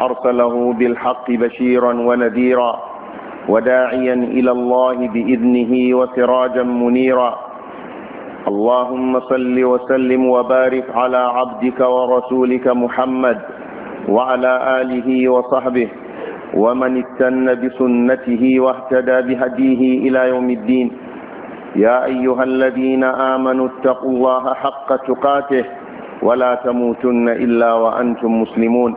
أرسله بالحق بشيرا ونذيرا وداعيا إلى الله بإذنه وسراجا منيرا اللهم صل وسلم وبارك على عبدك ورسولك محمد وعلى آله وصحبه ومن اتن بسنته واهتدى بهديه إلى يوم الدين يا أيها الذين آمنوا اتقوا الله حق تقاته ولا تموتن إلا وأنتم مسلمون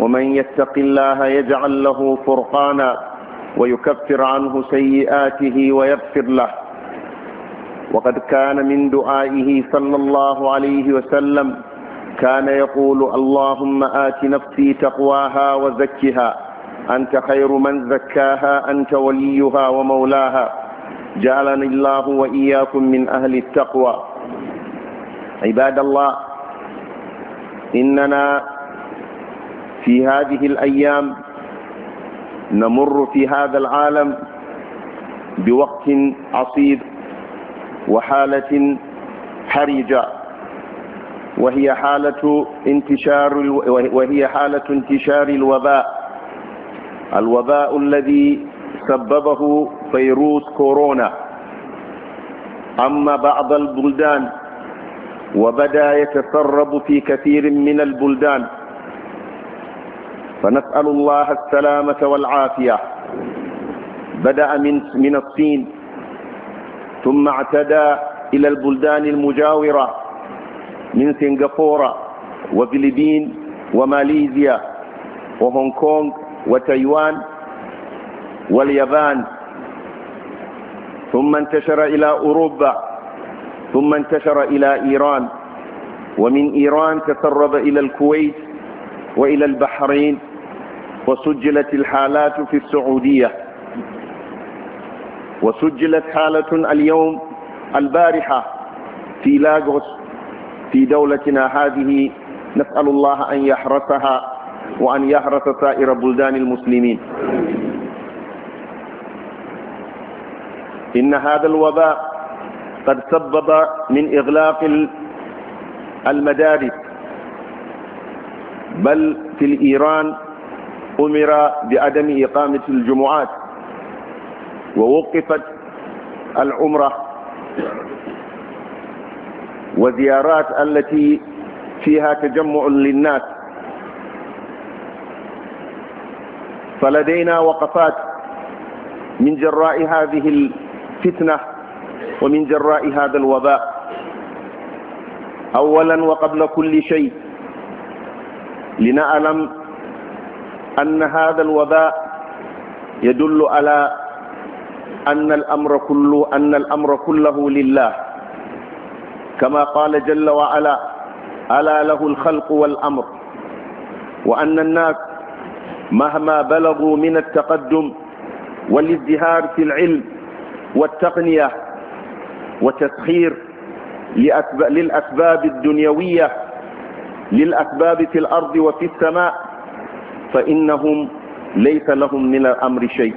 ومن يتق الله يجعل له فرقانا ويكفر عنه سيئاته ويغفر له وقد كان من دعائه صلى الله عليه وسلم كان يقول اللهم آت نفسي تقواها وزكها أنت خير من زكاها أنت وليها ومولاها جعلني الله وإياكم من أهل التقوى عباد الله إننا في هذه الأيام نمر في هذا العالم بوقت عصيب وحالة حرجة وهي حالة انتشار وهي حالة انتشار الوباء الوباء الذي سببه فيروس كورونا أما بعض البلدان وبدا يتسرب في كثير من البلدان فنسأل الله السلامة والعافية بدأ من, من الصين ثم اعتدى إلى البلدان المجاورة من سنغافورة وفلبين وماليزيا وهونغ كونغ وتايوان واليابان ثم انتشر إلى أوروبا ثم انتشر إلى إيران ومن إيران تسرب إلى الكويت وإلى البحرين وسجلت الحالات في السعودية وسجلت حالة اليوم البارحة في لاغوس في دولتنا هذه نسأل الله أن يحرسها وأن يحرس سائر بلدان المسلمين إن هذا الوباء قد سبب من إغلاق المدارس بل في الإيران أمر بعدم إقامة الجمعات ووقفت العمرة وزيارات التي فيها تجمع للناس فلدينا وقفات من جراء هذه الفتنة ومن جراء هذا الوباء أولا وقبل كل شيء لنعلم أن هذا الوباء يدل على أن الأمر كله أن الأمر كله لله كما قال جل وعلا ألا له الخلق والأمر وأن الناس مهما بلغوا من التقدم والازدهار في العلم والتقنية وتسخير للأسباب الدنيوية للأسباب في الأرض وفي السماء فإنهم ليس لهم من الأمر شيء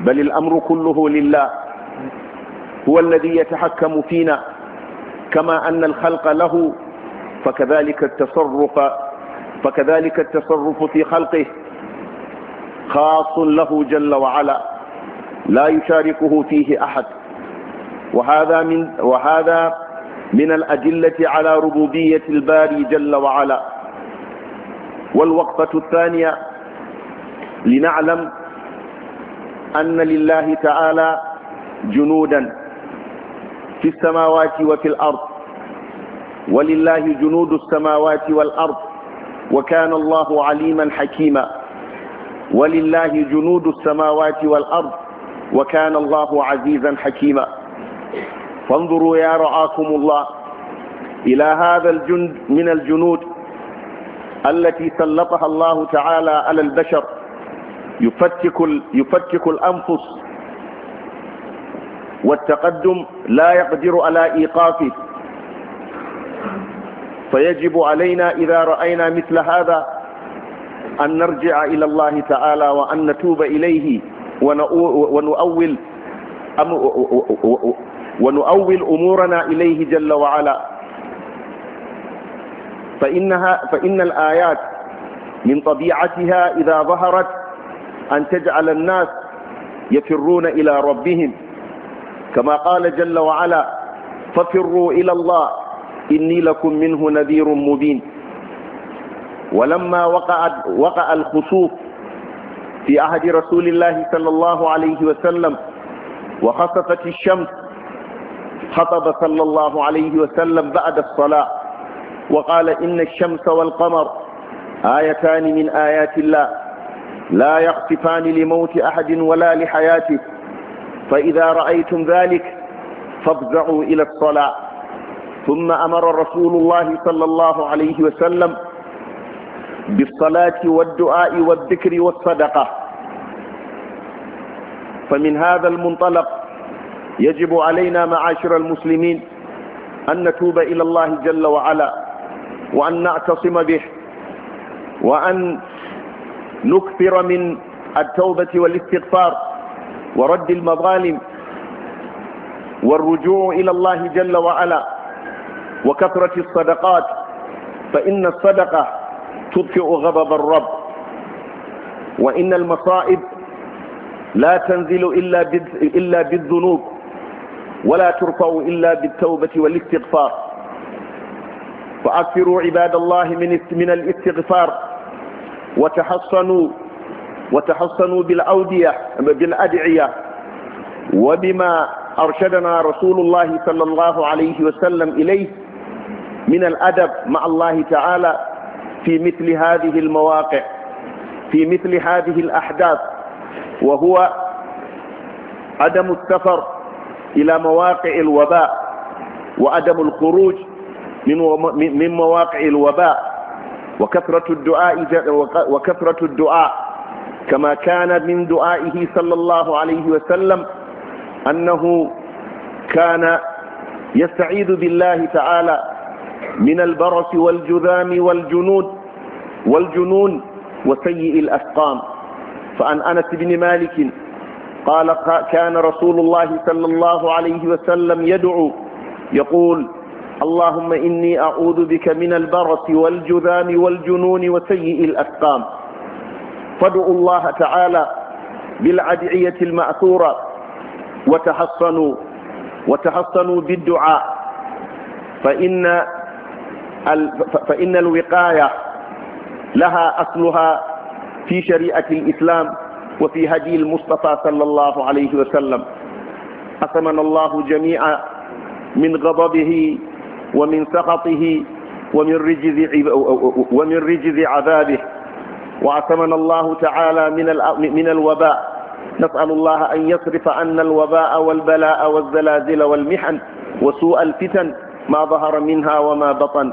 بل الأمر كله لله هو الذي يتحكم فينا كما أن الخلق له فكذلك التصرف فكذلك التصرف في خلقه خاص له جل وعلا لا يشاركه فيه أحد وهذا من وهذا من الأدلة على ربوبية الباري جل وعلا والوقفة الثانية لنعلم أن لله تعالى جنودا في السماوات وفي الأرض ولله جنود السماوات والأرض وكان الله عليما حكيما ولله جنود السماوات والأرض وكان الله عزيزا حكيما فانظروا يا رعاكم الله إلى هذا الجند من الجنود التي سلطها الله تعالى على البشر يفكك, يفكك الأنفس والتقدم لا يقدر على إيقافه فيجب علينا إذا رأينا مثل هذا أن نرجع إلى الله تعالى وأن نتوب إليه ونؤول ونؤول أمورنا إليه جل وعلا فإنها فإن الآيات من طبيعتها إذا ظهرت أن تجعل الناس يفرون إلى ربهم كما قال جل وعلا ففروا إلى الله إني لكم منه نذير مبين ولما وقعت وقع الخسوف في عهد رسول الله صلى الله عليه وسلم وخسفت الشمس خطب صلى الله عليه وسلم بعد الصلاة وقال إن الشمس والقمر آيتان من آيات الله لا يخطفان لموت أحد ولا لحياته فإذا رأيتم ذلك فافزعوا إلى الصلاة ثم أمر رسول الله صلى الله عليه وسلم بالصلاة والدعاء والذكر والصدقة فمن هذا المنطلق يجب علينا معاشر المسلمين أن نتوب إلى الله جل وعلا وأن نعتصم به وأن نكثر من التوبة والاستغفار ورد المظالم والرجوع إلى الله جل وعلا وكثرة الصدقات فإن الصدقة تطفئ غضب الرب وإن المصائب لا تنزل إلا بالذنوب ولا ترفع إلا بالتوبة والاستغفار فأكثروا عباد الله من من الاستغفار وتحصنوا وتحصنوا بالأودية بالأدعية وبما أرشدنا رسول الله صلى الله عليه وسلم إليه من الأدب مع الله تعالى في مثل هذه المواقع في مثل هذه الأحداث وهو عدم السفر إلى مواقع الوباء وعدم الخروج من مواقع الوباء وكثرة الدعاء وكثرة الدعاء كما كان من دعائه صلى الله عليه وسلم أنه كان يستعيذ بالله تعالى من البرس والجذام والجنود والجنون وسيء الأسقام فعن أنس بن مالك قال كان رسول الله صلى الله عليه وسلم يدعو يقول اللهم إني أعوذ بك من البرس والجذام والجنون وسيء الأسقام فادعوا الله تعالى بالعدعية المأثورة وتحصنوا وتحصنوا بالدعاء فإن فإن الوقاية لها أصلها في شريعة الإسلام وفي هدي المصطفى صلى الله عليه وسلم أسمنا الله جميعا من غضبه ومن سخطه ومن رجز ومن رجز عذابه وعتمنا الله تعالى من من الوباء نسأل الله أن يصرف عنا الوباء والبلاء والزلازل والمحن وسوء الفتن ما ظهر منها وما بطن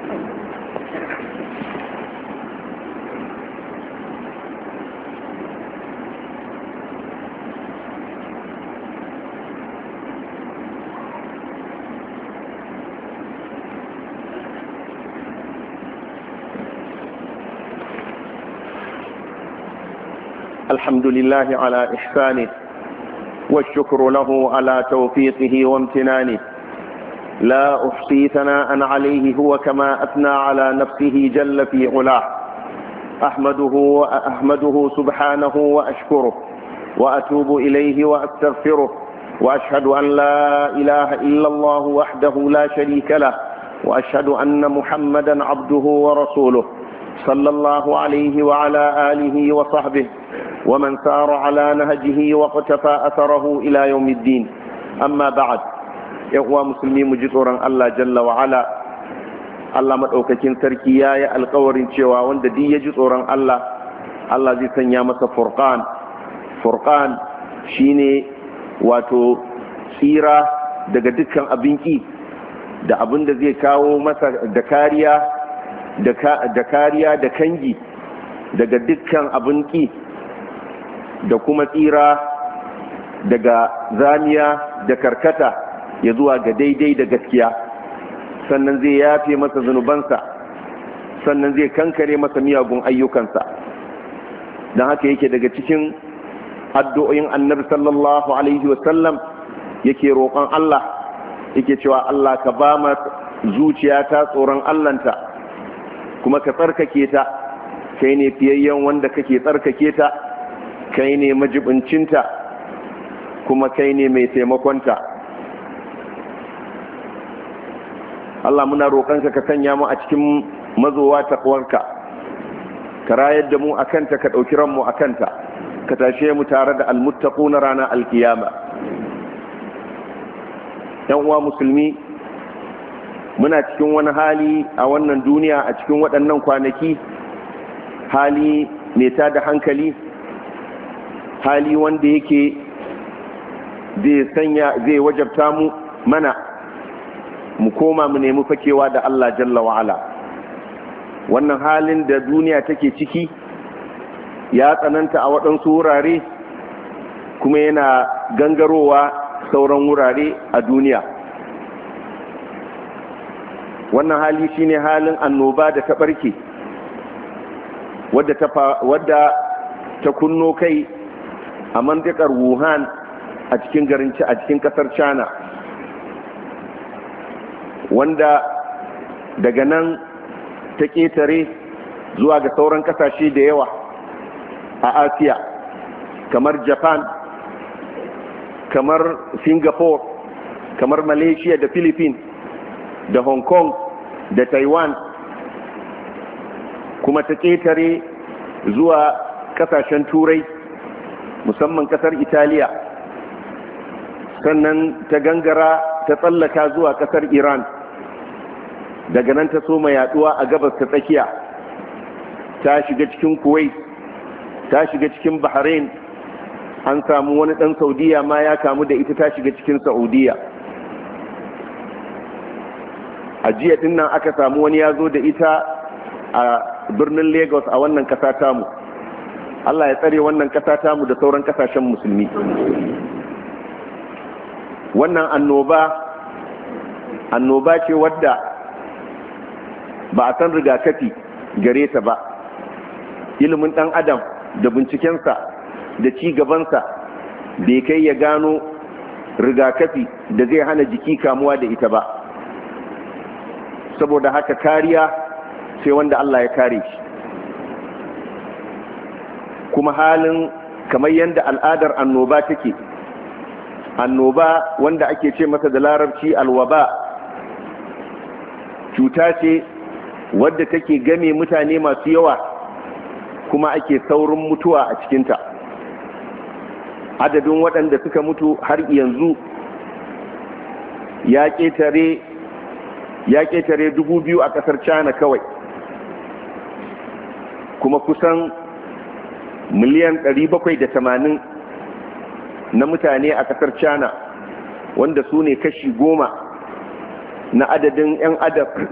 الحمد لله على إحسانه والشكر له على توفيقه وامتنانه لا أحصي ثناء عليه هو كما أثنى على نفسه جل في علاه أحمده وأحمده سبحانه وأشكره وأتوب إليه وأستغفره وأشهد أن لا إله إلا الله وحده لا شريك له وأشهد أن محمدا عبده ورسوله صلى الله عليه وعلى آله وصحبه ومن سار على نهجه واقتفى أثره إلى يوم الدين أما بعد إخوة مسلمين مجسورا الله جل وعلا الله مدعوككين تركيا يا القور شوا وند دي جسورا الله الله زي سنيا مسا فرقان فرقان شيني واتو سيرة daga dukkan abin ki da abin da zai kawo masa da kariya da kariya da kangi daga dukkan abin ƙi da kuma tsira daga zamiya da karkata ya zuwa ga daidai da gaskiya sannan zai yafe masa zunubansa sannan zai kankare masa miyagun ayyukansa don haka yake daga cikin addu'o'in annabi sallallahu alaihi wasallam yake roƙon Allah yake cewa Allah ka ba ma zuciya ta tsoron Allahnta kuma ka tsarkake ta kai ne fiyayyen wanda kake tsarkake ta kai ne majibincinta kuma kai ne mai taimakonta Allah muna roƙonka ka sanya mu a cikin mazowa taƙwarka ka rayar da mu a kanta ka ɗauki ranmu a kanta ka tashe mu tare da almuttaƙo na ranar alkiyama yan uwa musulmi muna cikin wani hali a wannan duniya a cikin waɗannan kwanaki hali mai da hankali hali wanda yake zai sanya zai wajabta mu mana mu koma mu nemi fakewa da Allah jalla wa'ala wannan halin da duniya take ciki ya tsananta a waɗansu wurare kuma yana gangarowa sauran wurare a duniya wannan hali shine halin annoba da ta barke wadda ta kunno kai a mandikar Wuhan a cikin garin a cikin kasar China wanda daga nan ta ketare zuwa ga sauran kasashe da yawa a Asiya kamar Japan kamar Singapore kamar Malaysia da Philippines da Hong Kong da taiwan kuma ta ƙetare zuwa ƙasashen turai musamman ƙasar italiya sannan ta gangara ta tsallaka zuwa ƙasar iran daga nan ta soma yaduwa a gabas ta tsakiya ta shiga cikin kuwait ta shiga cikin bahrain an samu wani ɗan saudiya ma ya kamu da ita ta shiga cikin saudiya a jiya din nan aka samu wani ya zo da ita a birnin lagos a wannan kasa tamu allah ya tsare wannan kasa tamu da sauran kasashen musulmi wannan annoba annoba ce wadda ba a san rigakafi gare ta ba ilimin dan adam da bincikensa da ci gabansa bai kai ya gano rigakafi da zai hana jiki kamuwa da ita ba saboda haka kariya sai wanda Allah ya kare shi kuma halin kamar yadda al'adar annoba take annoba wanda ake ce masa da larabci alwaba cuta ce wadda take game mutane masu yawa kuma ake saurin mutuwa a cikinta adadin waɗanda suka mutu har yanzu ya ƙetare ya ƙetare dubu biyu a kasar china kawai kuma kusan miliyan 780 na mutane a kasar china wanda su ne kashi goma na adadin 'yan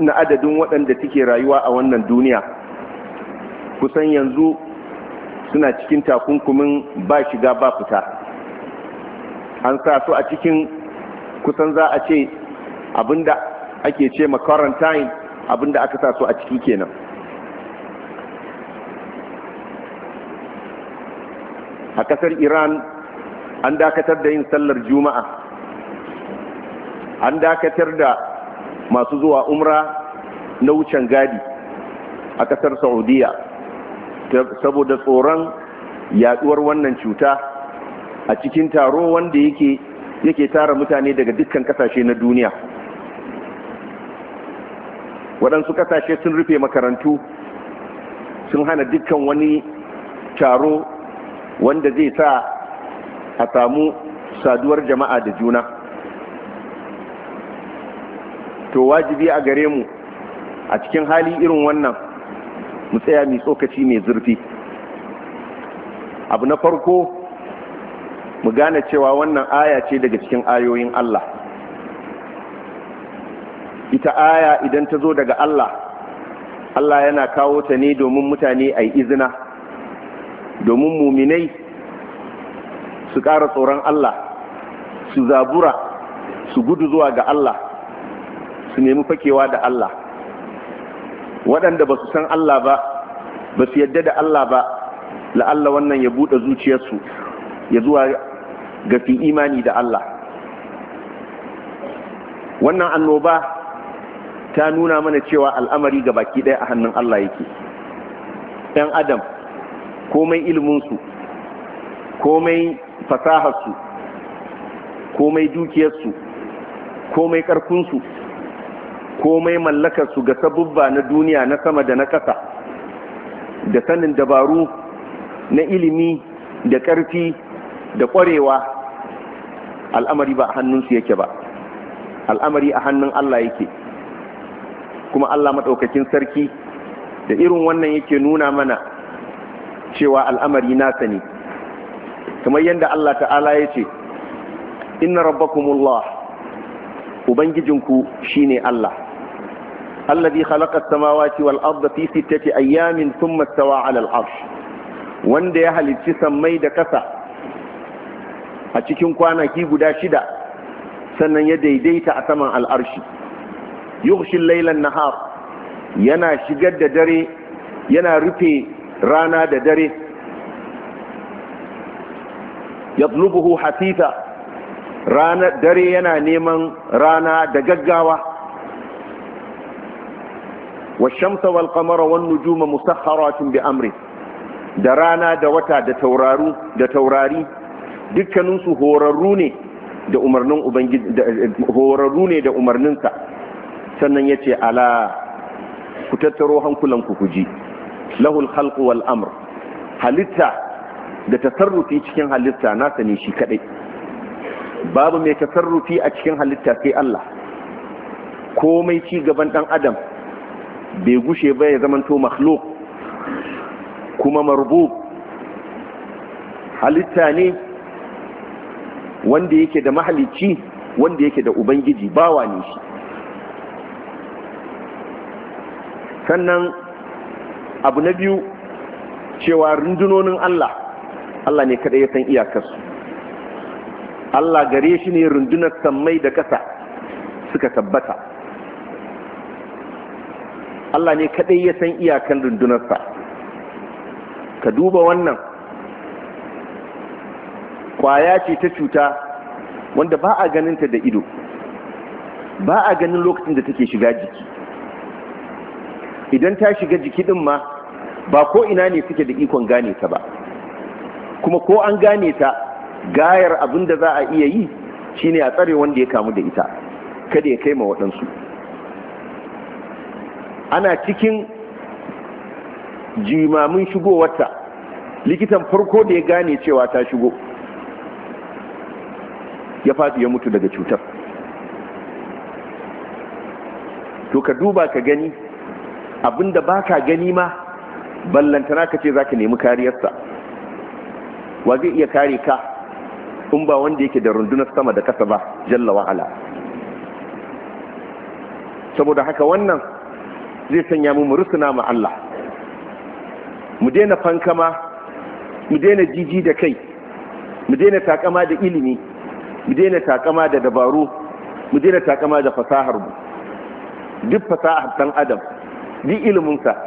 na adadin waɗanda suke rayuwa a wannan duniya kusan yanzu suna cikin takunkumin ba shiga ba fita an sa su a cikin kusan za a ce abinda ake ce ma quarantine abinda aka sa su a ciki kenan a kasar iran an dakatar da yin sallar juma'a an dakatar da masu zuwa umra na wucin gadi a kasar saudiya saboda tsoron yaduwar wannan cuta a cikin taro wanda yake yake tara mutane daga dukkan kasashe na duniya waɗansu ƙasashe sun rufe makarantu sun hana dukkan wani taro wanda zai sa a samu saduwar jama'a da juna to wajibi a gare mu a cikin hali irin wannan mu tsaya mai tsokaci mai zurfi abu na farko mu gane cewa wannan aya ce daga cikin ayoyin Allah ita aya idan ta zo daga Allah Allah yana kawo ta ne domin mutane a yi izina domin muminai su ƙara tsoron Allah su zabura su gudu zuwa ga Allah su nemi fakewa da Allah waɗanda ba su san Allah ba ba su yadda da Allah ba la'alla wannan ya buɗe zuciyarsu ya zuwa ga fi imani da Allah wannan annoba ta nuna mana cewa al'amari ga baki ɗaya a hannun Allah yake ɗan adam komai ilminsu komai fasaharsu komai dukiyarsu komai ƙarfinsu komai mallakarsu ga sabubba na duniya na sama da na ƙasa da sanin dabaru na ilimi da ƙarfi da ƙwarewa al'amari ba a hannunsu yake ba al'amari a hannun Allah yake kuma Allah maɗaukakin sarki da irin wannan yake nuna mana cewa al'amari nasa ne kamar yadda Allah ta'ala ya ce inna rabbakumullah ubangijinku shine Allah Allah khalaqa as-samawati wal arda fi sittati ayyamin thumma istawa 'ala al-'arsh wanda ya halicci sammai da kasa a cikin kwanaki guda shida sannan ya daidaita a saman al'arshi yughshil laylan nahar yana shigar da dare yana rufe rana da dare yatlubuhu hasita rana dare yana neman rana da gaggawa والشمس nujuma والنجوم bi amri da rana da wata da tauraru da taurari dukkaninsu horarru ne da umarnin ubangiji eh, horarru ne da umarninsa sannan ya ce ala ku tattaro hankulanku ku ji lahul khalqu wal amr halitta da tasarrufi cikin halitta nasa ne shi kadai babu mai tasarrufi a cikin halitta sai Allah komai ci gaban dan adam bai gushe ba ya zamanto makhluk kuma marbub halitta ne wanda yake da mahalicci, wanda yake da ubangiji bawa ne shi sannan abu na biyu cewa rundunonin Allah Allah ne kada ya san iyakarsu Allah gare shi ne rundunar sammai da ƙasa suka tabbata Allah ne kadai ya san iyakan rundunarsa ka duba wannan kwaya ce ta cuta wanda ba a ganinta da ido ba a ganin lokacin da take shiga jiki idan ta shiga jiki din ma ba ko ina ne suke da ikon gane ta ba kuma ko an gane ta gayar abin da za a iya yi shine a tsare wanda ya kamu da ita kada ya kai ma waɗansu ana cikin jimamin shigowarta likitan farko da ya gane cewa ta shigo ya faɗi ya mutu daga cutar to ka duba ka gani abinda baka gani ma ballantana ka ce zaka nemi kariyarsa wa zai iya kare ka in ba wanda yake da rundunar sama da kasa ba jalla wa'ala saboda haka wannan zai sanya mu rusuna ma Allah mu daina fankama mu daina jiji da kai mu daina takama da ilimi mu daina takama da dabaru mu daina takama da fasahar mu duk fasahar dan adam ni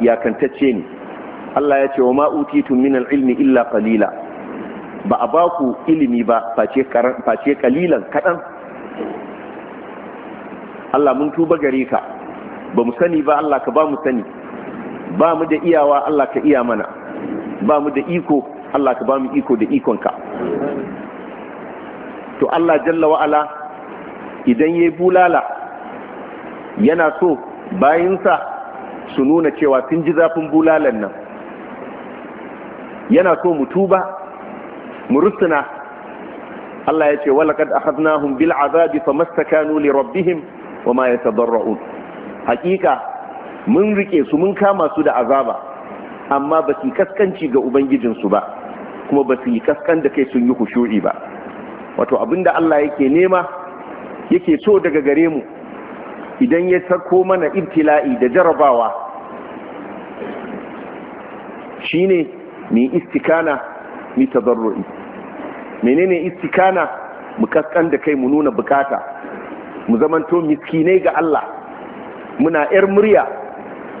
ya kantacce ne Allah ya ce wa ma utitum min al-ilmi illa qalila ba a baku ilimi ba face face kalilan kadan Allah mun tuba gare ka ba mu sani ba Allah ka ba mu sani ba mu da iyawa Allah ka iya mana ba mu da iko Allah ka ba mu iko da ikonka to Allah jalla wa'ala idan ya bulala yana so bayinsa su nuna cewa sun ji zafin bulalan nan yana so mu tuba mu rusuna Allah ya ce walaqad akhadnahum bil azabi famastakanu li rabbihim wama yatadarrun hakika mun rike su mun kama su da azaba amma ba su kaskanci ga ubangijinsu ba kuma ba su yi kaskan da kai sun yi hushu'i ba wato abinda Allah yake nema yake so daga gare mu idan ya sako mana ibtila'i da jarabawa shine mu istikana mu tadarrui menene istikana mu kaskan da kai mu nuna bukata mu zamanto miskinai ga Allah muna yar murya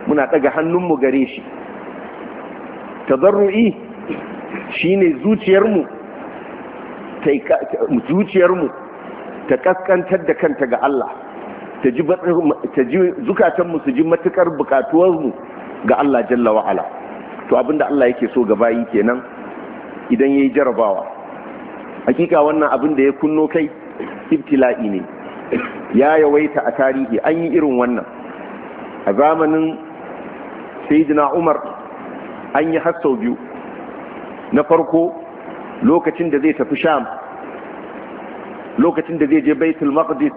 muna daga hannunmu gare shi tadarrui shine zuciyar mu ta kaskantar da kanta ga Allah ta ji mu su ji matukar mu ga Allah jalla wa'ala to abinda Allah yake so ga bayi kenan idan yayi jarabawa hakika wannan abin da ya kunno kai ibtila'i ne ya yawaita a tarihi an yi irin wannan a zamanin sayyidina Umar an yi hassau biyu na farko lokacin da zai tafi sham lokacin da zai je baitul maqdis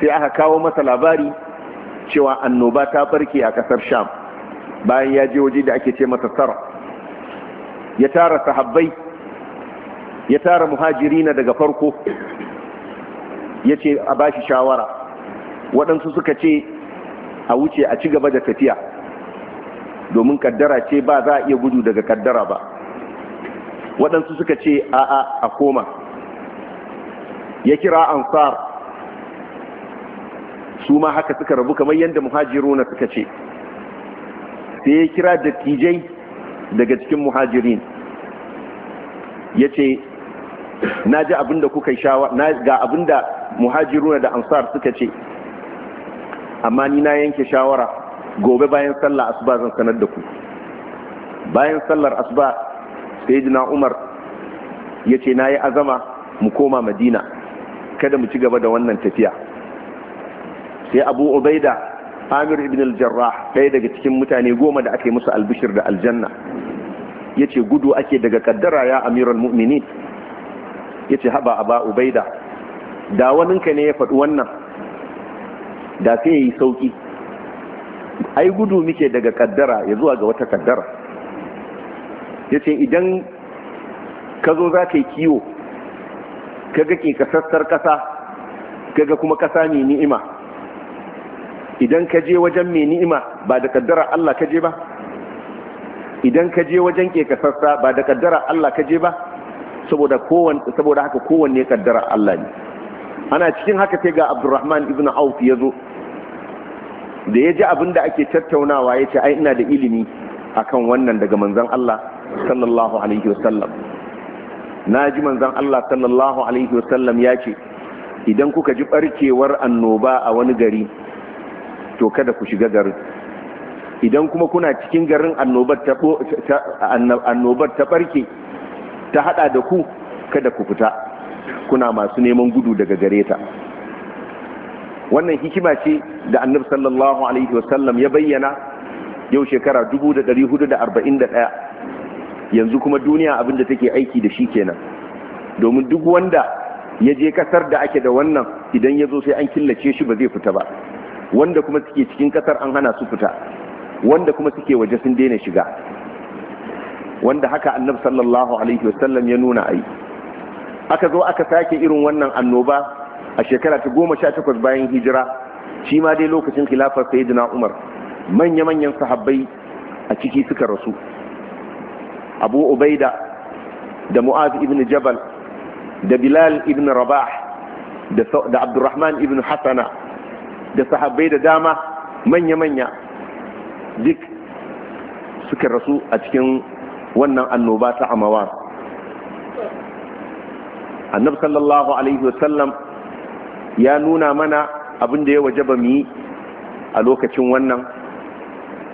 sai aka kawo masa labari cewa annoba ta barke a kasar sham bayan ya je waje da ake ce masa tara ya tara sahabbai ya tara muhajirina daga farko ya ce a bashi shawara waɗansu suka ce a wuce a ci gaba da tafiya domin kaddara ce ba za a iya gudu daga kaddara ba waɗansu suka ce a a a koma ya kira ansar su ma haka suka rabu kamar yadda muhajiruna suka ce sai ya kira dattijai daga cikin muhajirin ya ce na ji abinda kuka shawa ga abinda muhajiruna da ansar suka ce amma ni na yanke shawara gobe bayan sallar asuba zan sanar da ku bayan sallar asuba sayyidina umar ya ce na yi azama mu koma madina kada mu ci gaba da wannan tafiya sai abu ubaida amir ibn al-jarrah ɗaya daga cikin mutane goma da ake musu albishir da aljanna ya ce gudu ake daga kaddara ya amiral mu'mini ya ce haba a ba ubaida da waninka ne ya faɗi wannan da sai yi sauƙi ai gudu muke daga kaddara ya zuwa ga wata kaddara ya ce idan ka zo za ka yi kiwo ka ga ƙiƙasassar ƙasa ka kuma ƙasa ne ni'ima idan ka je wajen mai ni'ima ba da kaddara Allah ka je ba idan ka je wajen kasarsa, ba da kaddara Allah ka je ba saboda saboda haka kowanne kaddara Allah ne ana cikin haka sai ga Abdurrahman ibn Auf ya zo da ya ji abin da ake tattaunawa ya ce ai ina da ilimi akan wannan daga manzon Allah sallallahu alaihi wasallam na ji manzon Allah sallallahu alaihi wasallam ya ce idan kuka ji barkewar annoba a wani gari to kada ku shiga garin idan kuma kuna cikin garin annobar ta barke ta hada da ku kada ku fita kuna masu neman gudu daga gareta. wannan hikima ce da annabi sallallahu alaihi wasallam ya bayyana yau shekara 1441 yanzu kuma duniya abin abinda take aiki da shi kenan domin duk wanda ya je kasar da ake da wannan idan ya zo sai an killace shi ba zai fita ba wanda kuma suke cikin kasar an hana su fita wanda kuma suke waje sun daina shiga wanda haka annabi sallallahu alaihi wasallam ya nuna ai aka zo aka sake irin wannan annoba a shekara ta goma sha takwas bayan hijira shi ma dai lokacin khilafar sayyidina umar manya-manyan sahabbai a ciki suka rasu abu ubaida da mu'az ibn jabal da bilal ibn rabah da abdurrahman ibn Hassana. da sahabbai da dama manya-manya duk suka rasu a cikin wannan annoba ta amawa annab sallallahu alaihi wasallam ya nuna mana abin da ya waje ba mu yi a lokacin wannan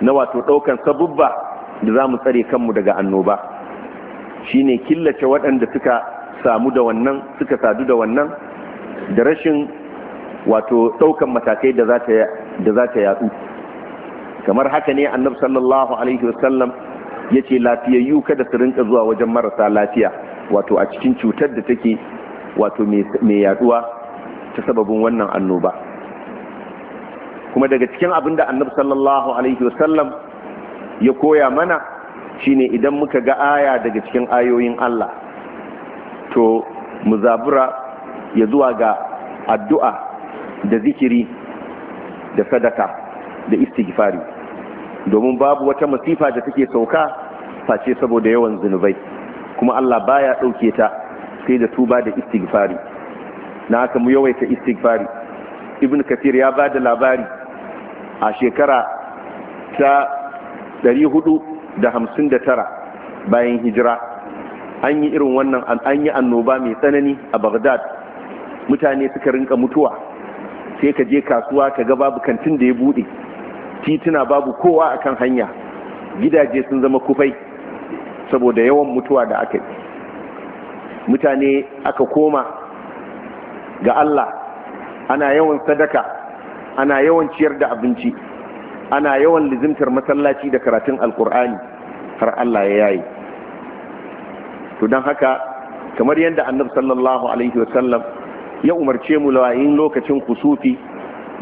na wato ɗaukan sabubba da za mu tsare kanmu daga annoba shine killace waɗanda suka samu da wannan suka sadu da wannan da rashin wato ɗaukan matakai da za ta yadu kamar haka ne annab sallallahu alaihi wasallam ya ce lafiyayyu kada su rinka zuwa wajen marasa lafiya wato a cikin cutar da take wato mai yaduwa ta sababin wannan annoba kuma daga cikin abinda da annab sallallahu alaihi wasallam ya koya mana shine idan muka ga aya daga cikin ayoyin Allah to mu zabura ya zuwa ga addu'a da zikiri da sadaka da istighfari domin babu wata masifa da take sauka face saboda yawan zunubai kuma Allah baya dauke ta sai da tuba da istighfari na aka mu yawaita istighfari ibn kathir ya ba da labari a shekara ta 459 bayan hijira an yi irin wannan an yi annoba mai tsanani a Baghdad mutane suka rinka mutuwa sai ka je kasuwa ka ga babu kantin da ya bude tituna babu kowa akan hanya gidaje sun zama kufai saboda yawan mutuwa da aka yi mutane aka koma ga Allah ana yawan sadaka ana yawan ciyar da abinci ana yawan lizimtar masallaci da karatun alkur'ani har Allah ya yayi to don haka kamar yadda annabi sallallahu alaihi wasallam ya umarce mu layin lokacin kusufi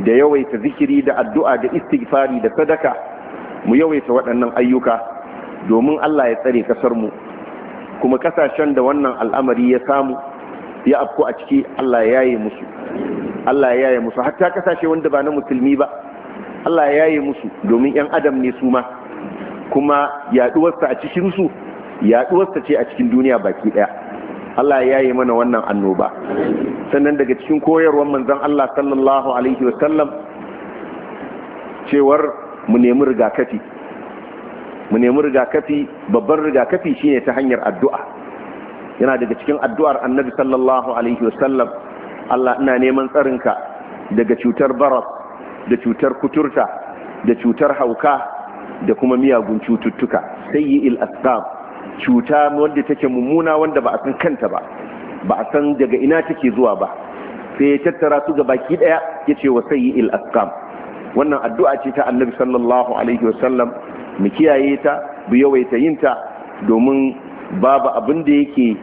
da yawaita zikiri da addu'a da istighfari da sadaka mu yawaita waɗannan ayyuka domin Allah ya tsare kasar mu kuma kasashen da wannan al'amari ya samu ya afko a ciki Allah ya yaye musu Allah ya yaye musu hatta kasashe wanda ba na musulmi ba Allah ya yaye musu domin yan adam ne su ma kuma yaduwarsa a cikin su yaduwarsa ce a cikin duniya baki ɗaya. Allah ya yi mana wannan annoba sannan daga cikin koyarwar manzon Allah sallallahu alaihi wasallam cewar mu nemi rigakafi mu nemi rigakafi babban rigakafi shine ta hanyar addu'a yana daga cikin addu'ar annabi sallallahu alaihi wasallam Allah ina neman tsarinka daga cutar baras da cutar kuturta da cutar hauka da kuma miyagun cututtuka sayyi il asqab cuta wanda take mummuna wanda ba a san kanta ba ba a san daga ina take zuwa ba sai ya tattara su ga baki daya ya ce wa sayi il asqam wannan addu'a ce ta annabi sallallahu alaihi wasallam mu kiyaye ta bu yawaita yin ta domin babu abin da yake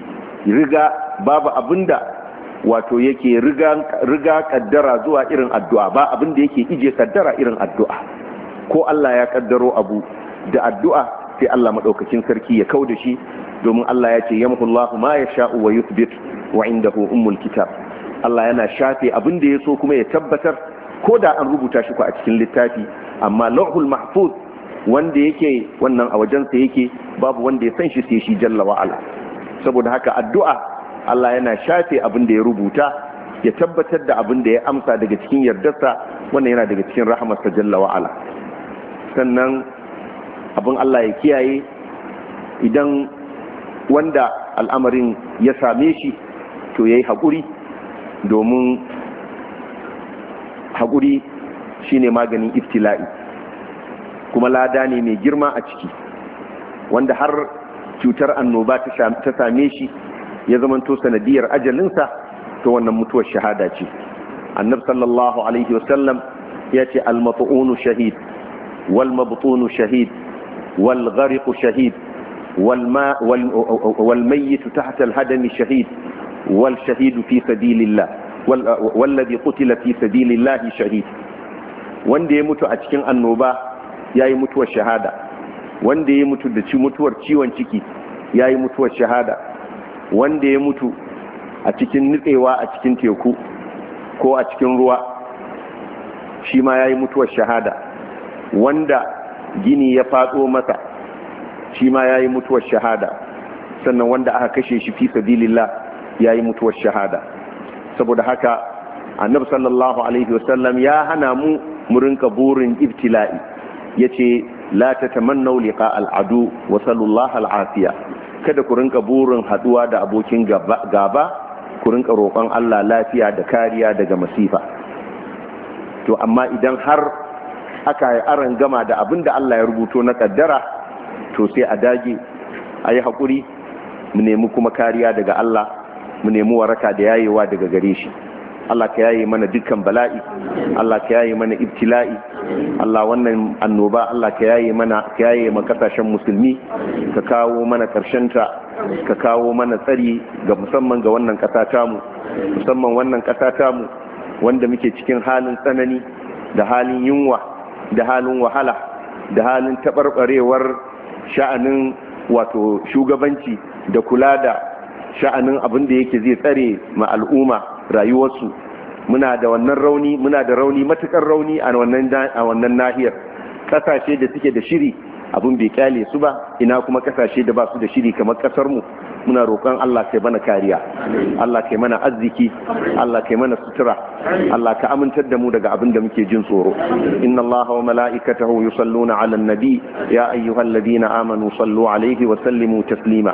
riga babu abin wato yake riga riga kaddara zuwa irin addu'a ba abin da yake ije kaddara irin addu'a ko Allah ya kaddaro abu da addu'a sai Allah madaukakin sarki ya da shi domin Allah ya ce Allah ma sha'u wa yuthbit wa indahu ummul kitab Allah yana shafe abin da ya so kuma ya tabbatar ko da an rubuta shi ku a cikin littafi amma lauhul mahfuz wanda yake wannan a wajen sa yake babu wanda ya san shi sai shi jalla wa'ala saboda haka addu'a Allah yana shafe abin da ya rubuta ya tabbatar da abin da ya amsa daga cikin yardarsa wannan yana daga cikin rahmarsa jalla wa'ala sannan abin Allah ya kiyaye idan wanda al'amarin ya same shi to ya yi haƙuri domin haƙuri shine maganin iftila'i kuma lada ne mai girma a ciki wanda har cutar annoba ta same shi ya zamanto sanadiyar ajalinsa ta wannan mutuwar shahada ce annab sallallahu alaihi wasallam ya ce almat'unu shahid wal mabtunu shahid والغرق شهيد والماء والميت تحت الهدم شهيد والشهيد في سبيل الله والذي قتل في سبيل الله شهيد wanda ya mutu a cikin annoba ya yi mutuwar shahada wanda ya mutu da mutuwar ciwon ciki ya yi mutuwar shahada wanda ya mutu a cikin nutsewa a cikin teku ko a cikin ruwa shi ma ya yi mutuwar shahada wanda gini ya faɗo masa shi ma ya yi mutuwar shahada sannan wanda aka kashe shi fi sabilillah ya yi mutuwar shahada saboda haka annabi sallallahu alaihi wasallam ya hana mu mu rinka burin ibtila'i ce la man liqa al'adu wa sallallahu al'afiya kada ku rinka burin haduwa da abokin gaba ku rinka roƙon Allah lafiya da kariya daga masifa to amma idan har aka yi aran gama da abin da Allah ya rubuto na kaddara to sai a dage a yi haƙuri mu nemi kuma kariya daga Allah mu nemi waraka da yayewa daga gare shi Allah ka yaye mana dukkan bala'i Allah ka yaye mana ibtila'i Allah wannan annoba Allah ka yaye mana ka yaye ma kasashen musulmi ka kawo mana karshen ta ka kawo mana tsari ga musamman ga wannan kasa tamu musamman wannan kasa tamu wanda muke cikin halin tsanani da halin yunwa da halin wahala da halin taɓarɓarewar sha'anin wato shugabanci da kula da sha'anin abin da yake zai tsare ma al'umma rayuwarsu muna da wannan rauni muna da rauni matukar rauni a wannan nahiyar ƙasashe da suke da shiri abin bai kyale su ba ina kuma kasashe da ba su da shiri kamar kasar mu muna roƙon Allah kai mana kariya Allah kai mana arziki Allah kai mana sutura Allah ka amintar da mu daga abin da muke jin tsoro inna Allah wa mala'ikatahu yusalluna 'alan nabi ya ayyuhalladhina amanu sallu 'alaihi wa sallimu taslima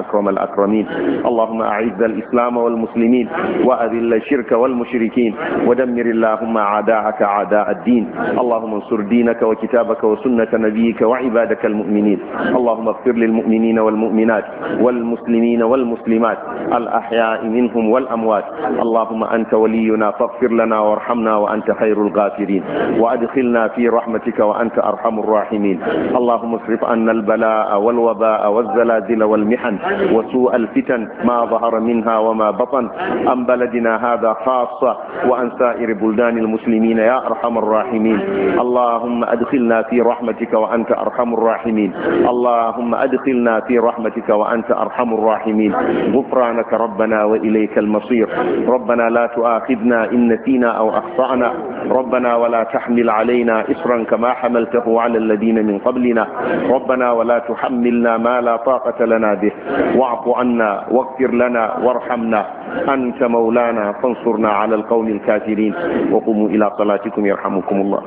أكرم الأكرمين اللهم أعز الإسلام والمسلمين وأذل الشرك والمشركين ودمر اللهم أعداءك أعداء الدين اللهم انصر دينك وكتابك وسنة نبيك وعبادك المؤمنين اللهم اغفر للمؤمنين والمؤمنات والمسلمين والمسلمات الأحياء منهم والأموات اللهم أنت ولينا فاغفر لنا وارحمنا وأنت خير الغافرين وأدخلنا في رحمتك وأنت أرحم الراحمين اللهم اصرف عنا البلاء والوباء والزلازل والمحن وسوء الفتن ما ظهر منها وما بطن عن بلدنا هذا خاصة وعن سائر بلدان المسلمين يا أرحم الراحمين اللهم أدخلنا في رحمتك وأنت أرحم الراحمين اللهم أدخلنا في رحمتك وأنت أرحم الراحمين غفرانك ربنا وإليك المصير ربنا لا تؤاخذنا إن نسينا أو أخطأنا ربنا ولا تحمل علينا إصرا كما حملته على الذين من قبلنا ربنا ولا تحملنا ما لا طاقة لنا به واعف عنا واغفر لنا وارحمنا أنت مولانا فانصرنا على القوم الكافرين وقوموا إلى صلاتكم يرحمكم الله